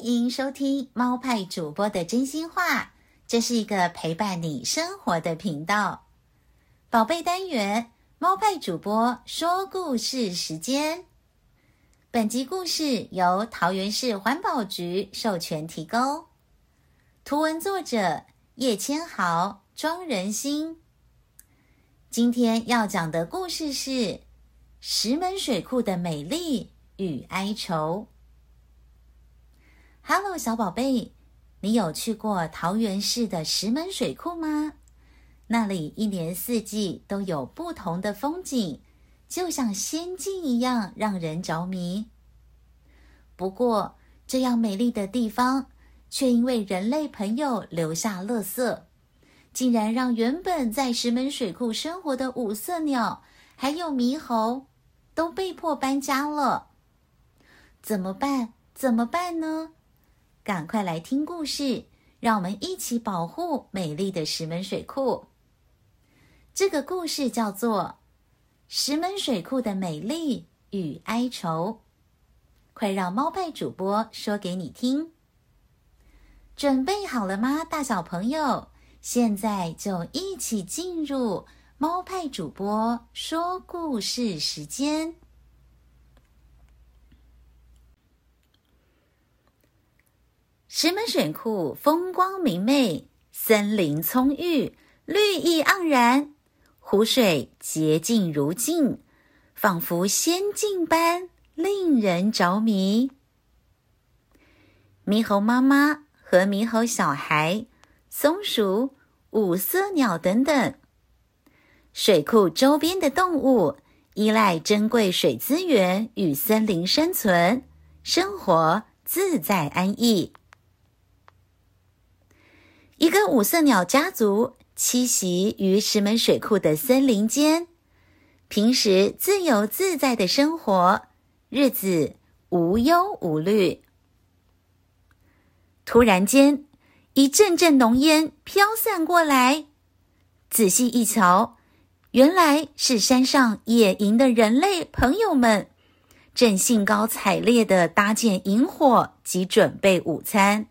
歡迎收聽貓派主播的真心話，這是一個陪伴你生活的頻道。寶貝單元，貓派主播說故事時間。本集故事由桃園市環保局授權提供，圖文作者葉千豪、莊仁馨。今天要講的故事是石門水庫的美麗與哀愁。哈嘍，小寶貝，你有去過桃園市的石門水庫嗎？那裡一年四季都有不同的風景，就像仙境一樣，讓人着迷。不過，這樣美麗的地方卻因為人類朋友留下垃圾，竟然讓原本在石門水庫生活的五色鳥還有獼猴都被迫搬家了。怎麼辦？怎麼辦呢？趕快來聽故事，讓我們一起保護美麗的石門水庫。這個故事叫做《石門水庫的美麗與哀愁》，快讓貓派主播說給你聽。準備好了嗎？大小朋友，現在就一起進入貓派主播說故事時間。石門水庫風光明媚，森林蔥鬱，綠意盎然，湖水潔淨如鏡，仿佛仙境般令人着迷。獼猴媽媽和獼猴小孩、松鼠、五色鳥等等，水庫周邊的動物依賴珍貴水資源與森林生存，生活自在安逸。一個五色鳥家族棲息於石門水庫的森林間，平時自由自在的生活，日子無憂無慮。突然間，一陣陣濃煙飄散過來，仔細一瞧，原來是山上野營的人類朋友們，正興高采烈地搭建營火及準備午餐。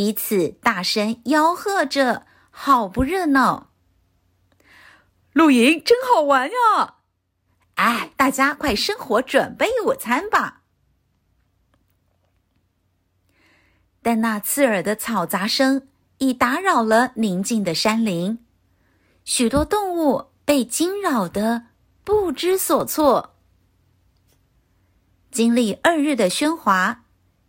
彼此大聲吆喝着，好不熱鬧。露營真好玩呀，啊！哎，大家快生火準備午餐吧！但那刺耳的嘈雜聲已打擾了寧靜的山林，許多動物被驚擾得不知所措。經歷二日的喧嘩，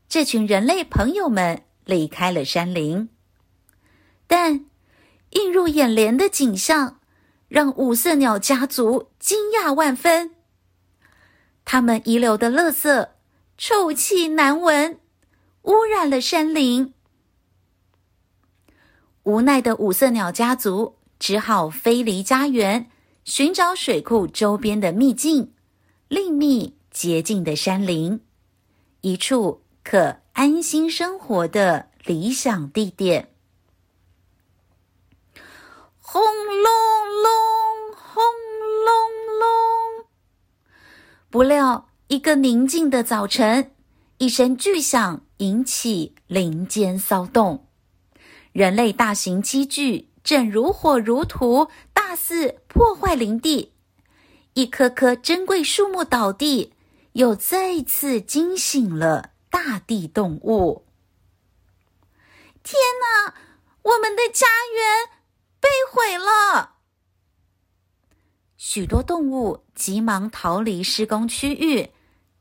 這群人類朋友們，離開了山林，但映入眼簾的景象讓五色鳥家族驚訝萬分。他們遺留的垃圾，臭氣難聞，污染了山林。無奈的五色鳥家族只好飛離家園，尋找水庫周邊的秘境，另覓潔淨的山林，一處可。安心生活的理想地點。轟隆隆，轟隆隆！不料，一個寧靜的早晨，一聲巨響引起林間騷動。人類大型機具正如火如荼、大肆破壞林地，一棵棵珍貴樹木倒地，又再次驚醒了。大地動物，天哪！我們的家園被毀了。許多動物急忙逃離施工區域，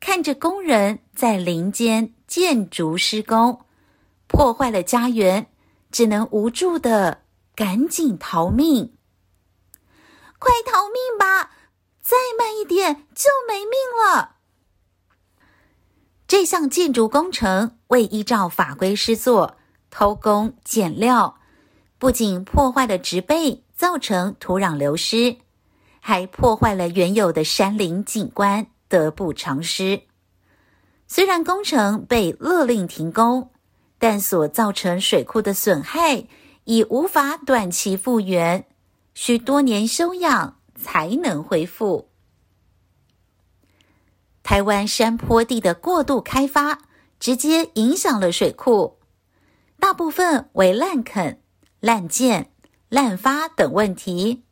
看着工人在林間建築施工，破壞了家園，只能無助的趕緊逃命。快逃命吧！再慢一點就沒命了。這項建築工程未依照法規施作，偷工減料，不僅破壞了植被，造成土壤流失，還破壞了原有的山林景觀，得不償失。雖然工程被勒令停工，但所造成水庫的損害已無法短期復原，需多年休養才能恢復。台灣山坡地的過度開發，直接影響了水庫，大部分為濫墾、濫建、濫發等問題，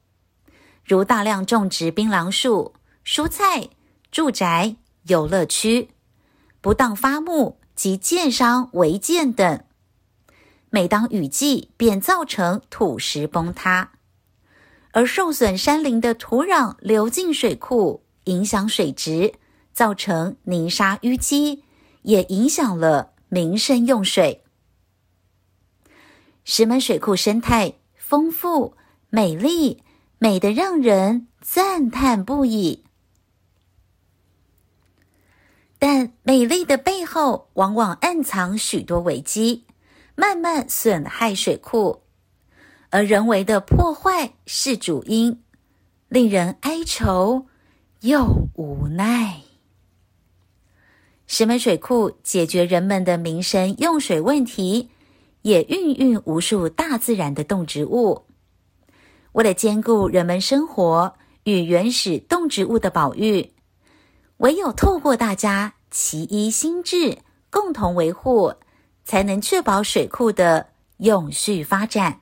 如大量種植檳榔樹、蔬菜、住宅、遊樂區，不當伐木及建商違建等。每當雨季，便造成土石崩塌，而受損山林的土壤流進水庫，影響水質。造成泥沙淤積，也影響了民生用水。石門水庫生態豐富、美麗，美得讓人讚嘆不已。但美麗的背後往往暗藏許多危機，慢慢損害水庫，而人為的破壞是主因，令人哀愁又無奈。石門水庫解決人們的民生用水問題，也孕育無數大自然的動植物。為了兼顧人們生活與原始動植物的保育，唯有透過大家齊一心志，共同維護，才能確保水庫的永續發展。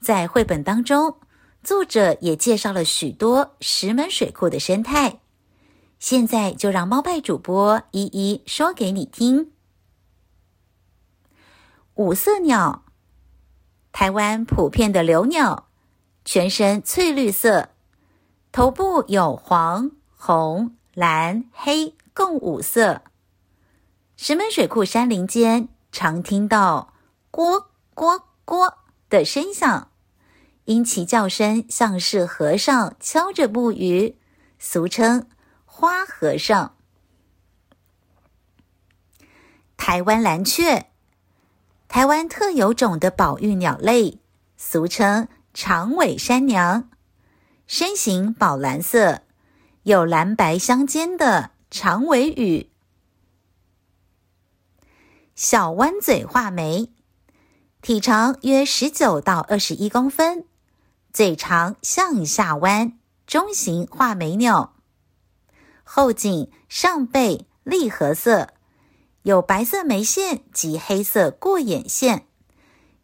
在繪本當中，作者也介紹了許多石門水庫的生態。現在就讓貓派主播一一說給你聽。五色鳥，台灣普遍的留鳥，全身翠綠色，頭部有黃、紅、藍、黑共五色。石門水庫山林間常聽到“咕咕咕”的聲響，因其叫聲像，像是和尚敲着木魚，俗稱。花和尚。臺灣藍鵲，臺灣特有種的保育鳥類，俗稱長尾山娘，身形寶藍色，有藍白相間的長尾羽。小彎嘴畫眉，體長約十九到二十一公分，嘴長向下彎，中型畫眉鳥。後頸、上背栗褐色，有白色眉線及黑色過眼線，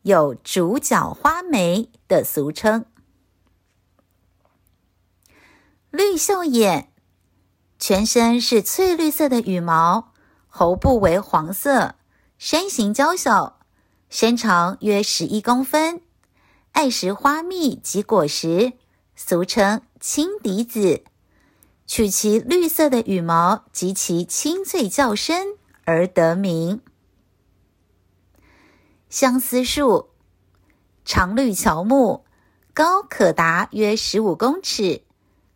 有竹腳花眉的俗稱。綠繡眼，全身是翠綠色的羽毛，喉部為黃色，身形嬌小，身長約十一公分，愛食花蜜及果實，俗稱青笛子。取其綠色的羽毛及其清脆叫聲而得名。相思樹，常綠喬木，高可達約十五公尺，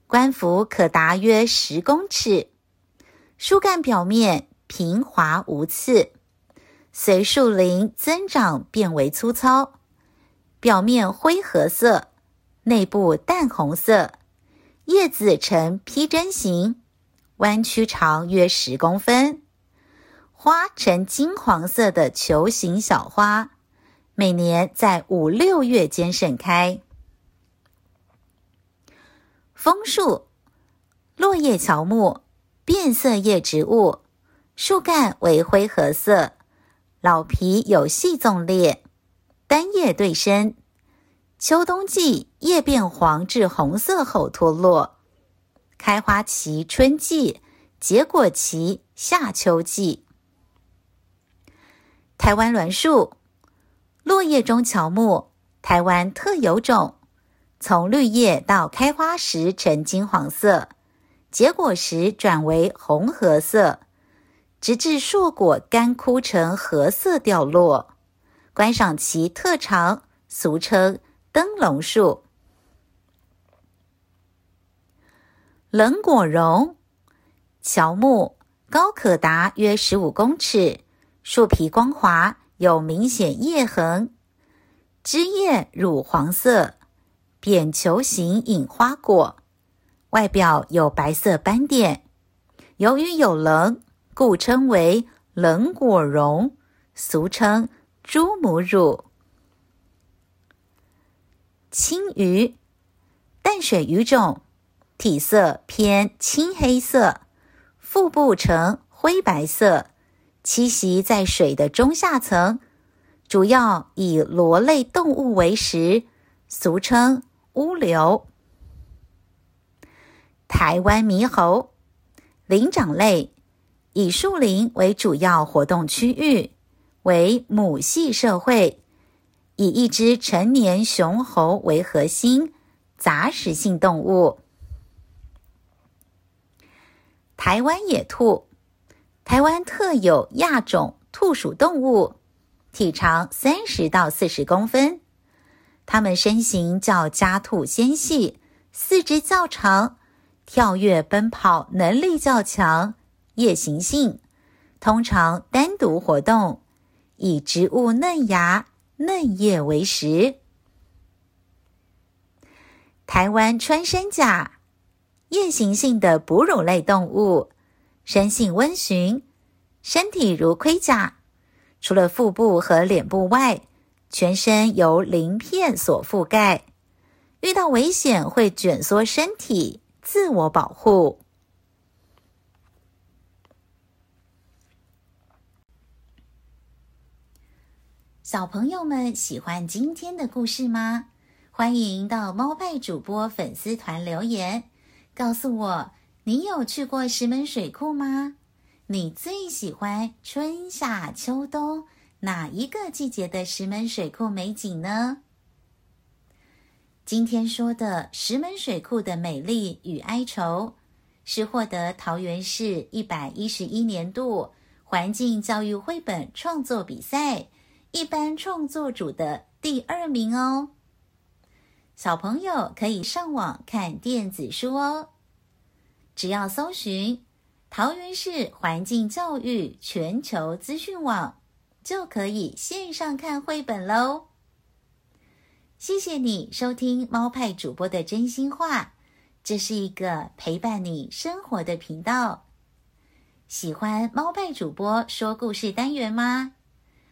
冠幅可達約十公尺。樹幹表面平滑無刺，隨樹齡增長變為粗糙，表面灰褐色，內部淡紅色。葉子呈披針形，彎曲，長約十公分。花呈金黃色的球形小花，每年在五六月間盛開。楓樹，落葉喬木，變色葉植物，樹幹為灰褐色，老皮有細縱裂，單葉對生。秋冬季葉變黃至紅色後脫落，開花期春季，結果期夏秋季。台灣欒樹，落葉中喬木，台灣特有種。從綠葉到開花時呈金黃色，結果時轉為紅褐色，直至碩果乾枯成褐色掉落。觀賞期特長，俗稱。燈籠樹，稜果榕，喬木，高可達約十五公尺，樹皮光滑，有明顯葉痕，枝葉乳黃色，扁球形隱花果，外表有白色斑點。由於有稜，故稱為稜果榕，俗稱豬母乳。青魚，淡水魚種，體色偏青黑色，腹部呈灰白色，棲息在水的中下層，主要以螺類動物為食，俗稱烏溜。台灣獼猴，靈長類，以樹林為主要活動區域，為母系社會。以一隻成年雄猴為核心，雜食性動物。台灣野兔，台灣特有亞種兔屬動物，體長三十到四十公分。它們身形較家兔纖細，四肢較長，跳躍奔跑能力較強，夜行性，通常單獨活動，以植物嫩芽。嫩葉為食。台灣穿山甲，夜行性的哺乳類動物，生性溫馴，身體如盔甲，除了腹部和臉部外，全身由鱗片所覆蓋，遇到危險會捲縮身體，自我保護。小朋友們喜歡今天的故事嗎？歡迎到貓派主播粉絲團留言，告訴我你有去過石門水庫嗎？你最喜歡春夏秋冬哪一個季節的石門水庫美景呢？今天說的石門水庫的美麗與哀愁，是獲得桃園市一百一十一年度環境教育繪本創作比賽。一般創作組的第二名哦。小朋友可以上網看電子書哦，只要搜尋“桃園市環境教育全球資訊網”，就可以線上看繪本嘍。謝謝你收聽貓派主播的真心話，這是一個陪伴你生活的頻道。喜歡貓派主播說故事單元嗎？